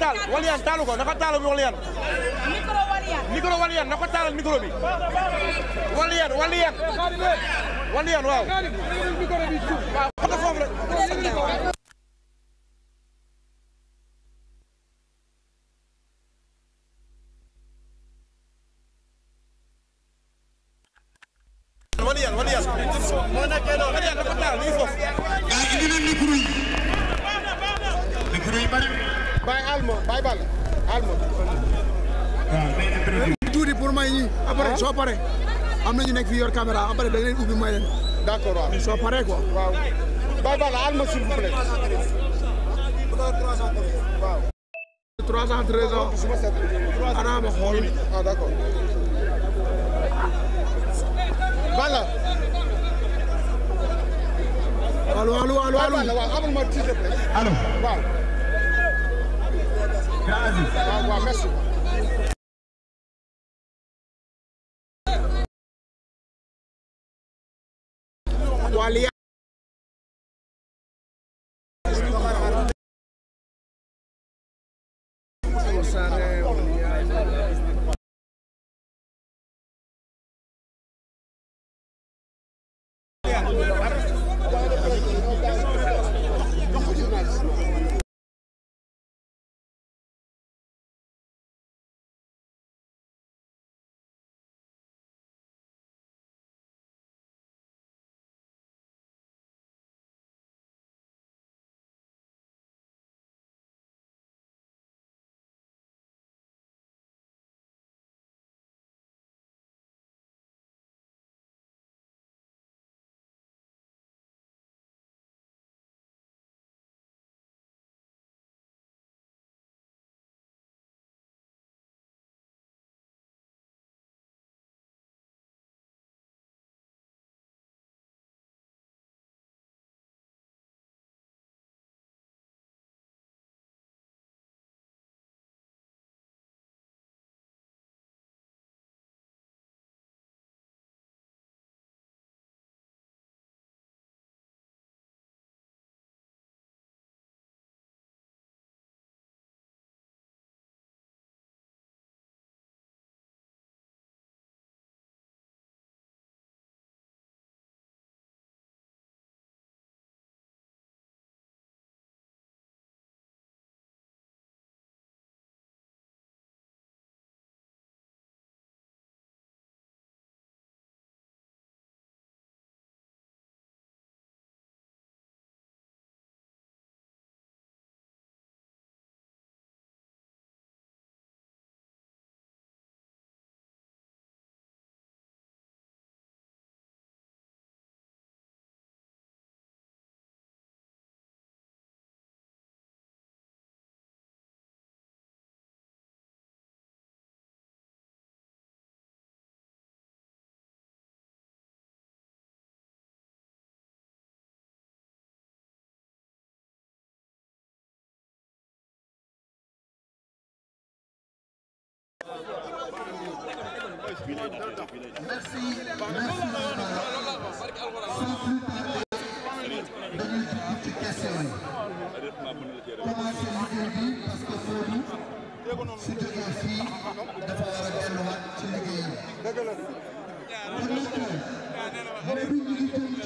taal Waliyaan taalu ko na ko taalal Waliyaan. waaw. dafa taal mi ngi foofu. gars bàyyi alma bàyyi ball alma tuuti pour may ñi après soo pare am na ñu nekk fii yor caméra après da leen ubbi may leen d'accord waaw soo pare quoi waaw bàyyi ball alma s'il vous plaît waaw 313 ans ana ma xool ah d'accord balla allo allo allo allo allo merci. merci merci sans plus tarder dañuy dugg ci question yi commencé liggéey bi parce que Fodou su jógee fii dafa war a delluwaat ci liggéey bi.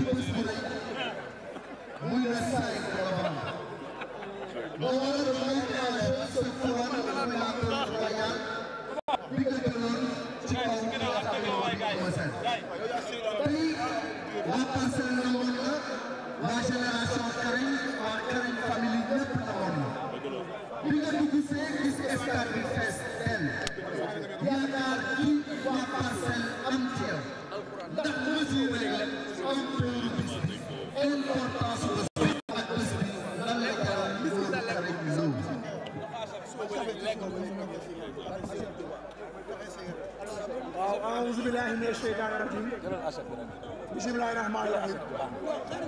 mina sheytaani rajiim bismillaahi rahmaani rahiim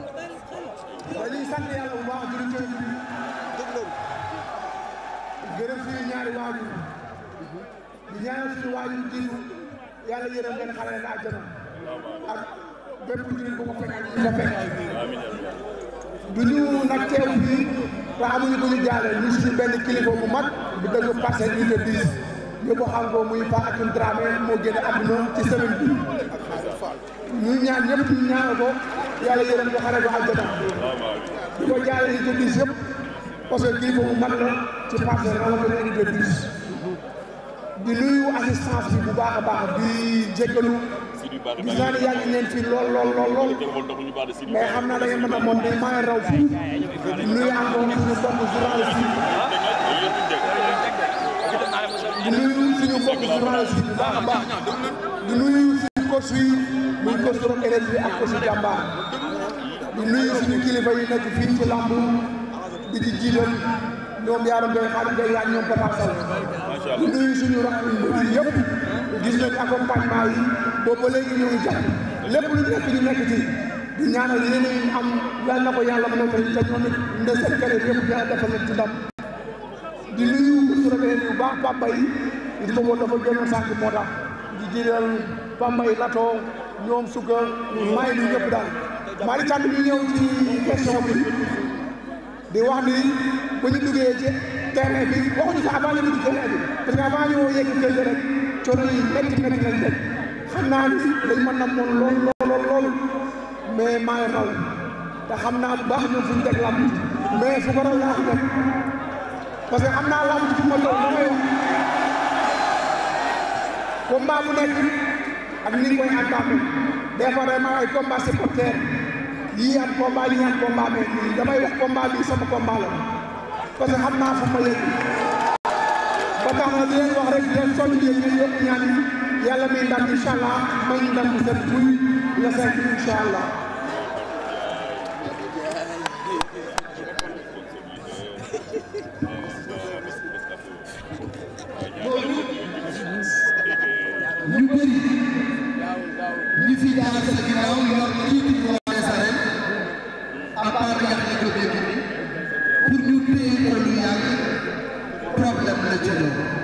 dañuy sant yàlla bu baax di leen gërëm suñu ñaari waajur di ñaanal xale leen àjjana ak bépp jullit bu ko fekkal ci sa fekkal du ñu nag teew fii amuñu ko ñu jaale ñu suñu benn kilifa bu mag bu dëgg parcelle unité 10 ñu ko xam ko muy Pa Akim Dramé moo génn àdduna ci semaine bi ñu ñaan ñëpp ñu ñaanal ko yàlla yërëm ko xare ko aljana di ko jaale yi jëndis yëpp parce kii boobu mat la ci passé rawatina unité 10 di nuyu assistance bu baax a baax di jégalu gis naa ne yàgg ngeen fi lool lool lool lool mais xam naa da ngeen mën a moom day maa raw fii nuyu encore suñu mbokku journaliste yi di journaliste bu baax a baax di nuyu suñu ko suy muy ko suñu énergie ak ko si jàmbaar di nuyu suñu kilifa yi nekk fii ci lamb di ci jiital ñoom yaaram doy xaalis doy yaag ñoom Papa Sall di nuyu suñu rakk yi yëpp gis nañ accompagnement yi boobu ba léegi ñu ngi jàpp lépp lu nekk ñu nekk ci di ñaanal yeneen yi am yal na ko yàlla mën a fay te ñoom it nde seen kër yëpp yàlla defal leen ci ndam di nuyu suñu rakk yi bu baax Bamba yi ngir moom dafa génnoon sànq moo tax di jiital Bambay Lato ñoom Suga maay bi ñëpp daal maa ngi tànn ñu ñëw ci question bi di wax ni bu ñu duggee ci terrain bi waxuñu sax avant ñu dugg yegg kër rek coono yi métti métti lañ teg xam naa ni dañ mën na moon lool lool lool mais maa raw te xam naa baax ñun fu ñu teg làmb mais fu ko raw laa ko parce que xam naa làmb ci fu ma toll damay wax combat bu nekk ak ni ñu koy attaqué des fois day maam ay combat supporter yii am combat yii am combat mais nii damay wax combat bi sama combat parce que xam naa fu ma yëg ba tax na di leen wax rek di leen soññee yëpp ñaan yàlla mi ndam incha may ñu ndam set buy la cinq incha allah ñi fi jaar sa ginnaaw yor tuuti roi des arènes à part yàq yi ko dégg pour ñu téye ko lu yàgg problème la